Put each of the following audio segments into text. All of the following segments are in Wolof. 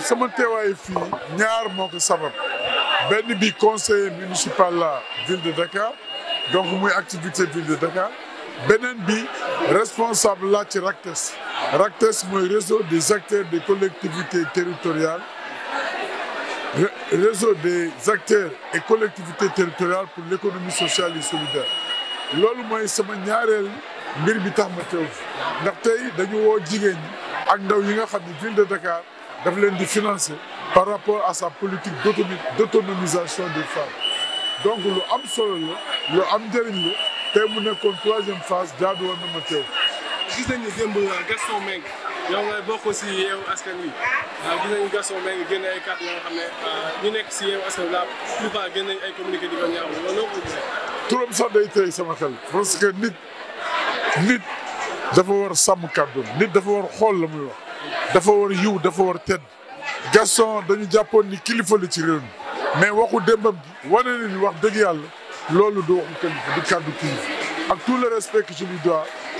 sama teewaay fii ñaar moo ko sabab benn bi conseiller municipal la ville de Dakar donc muy activité ville de Dakar beneen bi responsable la ci RACTES RACTES mooy réseau des acteurs des collectivités territoriales réseau des acteurs et collectivités territoriales pour l'économie sociale et solidaire loolu mooy sama ñaareel mbir bi tax ma teew ndax tey dañu woo jigéen ñi ak ndaw yi nga xam ne ville de Dakar daf leen di financer par rapport à sa politique d'autonomisation des femmes donc lu am solo la lu am njëriñ lu te mu nekkoon troisième phase jaadu woon na ma teew. gis nañu démb euh, Gaston Mbengue yow nga bokk si yeewu askan wi euh, gis nañu Gaston Mbengue génne ay kàddu yoo xam ne euh, ñu nekk si yeewu askan wi la plupart génne nañu ay communiqué di ko ñaawlu loolu noo ko gisee. turam sama xel parce que nit nit dafa war sàmm kàddu nit dafa war xool la muy wax. dafa war yiw dafa war tedd Gaston dañu jàppoon ni kilifa la ci réew mi mais waxu démbam gi wane na ni wax dëgg yàlla loolu du waxu kilifa du kàddu kilifa ak tout le respect que je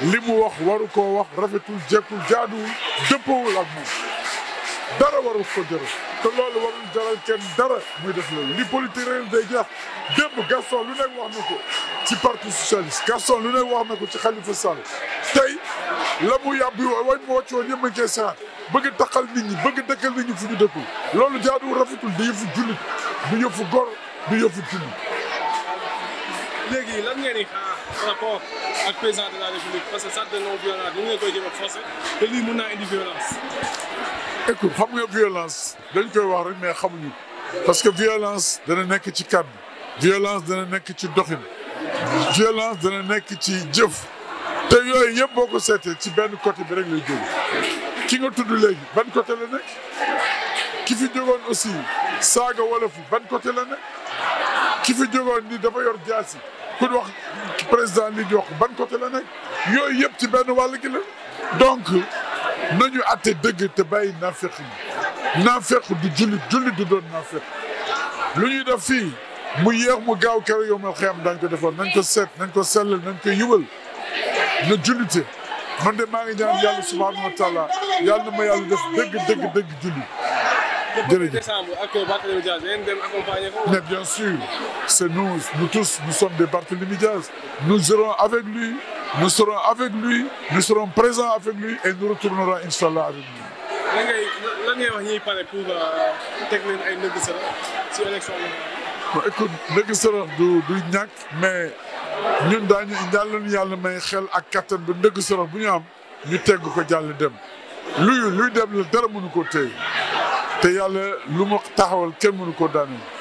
li mu wax waru koo wax rafetul jekkul jaaduwul dëppawul ak moom dara waru te loolu warul jaral kenn dara muy def loolu li politique réew day jeex démb Gaston lu nekk wax na ci parti socialiste Gaston lu nekk wax na ko ci Khalifa Sall tey la mu bi wañ mu wàcc woon ñëpp a koy bëgg taqal nit ñi bëgg dëkkal nit ñi fu ñu dëkkul loolu jaaduwul rafetul di yëfu jullit du yëfu gor du yëfu jullit. léegi lan ngeen di xaar par rapport ak président de la parce que ça de non violence ñu ngi koy violence. écoute xam nga violence wax rek mais xamuñu parce que violence dana nekk ci kàddu violence dana nekk ci doxin violence dana nekk ci jëf. te yooyu yëpp boo ko seetee ci benn côté bi rek lay jóge ki nga tudd léegi ban côté la nekk ki fi jógoon aussi saaga wolof ban côté la nekk ki fi jógoon ni dafa yor jaasi wax président li di wax ban côté la nekk yooyu yëpp ci benn wàll gi la donc nañu atte dëgg te bàyyi naafeq yi naafeq du jullit jullit du doon naafeq lu ñuy def fii mu yéex mu gaaw keroog yow ma xëyam daañ ko defoon nañ ko seet nañ ko sellal nañ ko yiwal na jullite man de maa ngi ñaan yàlla subhaanahu wa taala yàlla na ma yàlla def dëgg dëgg dëgg julli. jërëjëf mais bien sûr c'est nous nous tous nous sommes des Barthélémy Diaz nous serons avec lui nous serons avec lui nous serons présents avec lui et nous retournerons inchallah avec lui. écoute ndëgg sërëx du du ñàkk ñun daañu yàlla nu yàlla may xel ak kattan bu ndëgg solo bu ñu am ñu tegg ko jàll dem luy luy dem la dara mënu ko téye te yàlla lu ma taxawal kenn mënu ko daaneel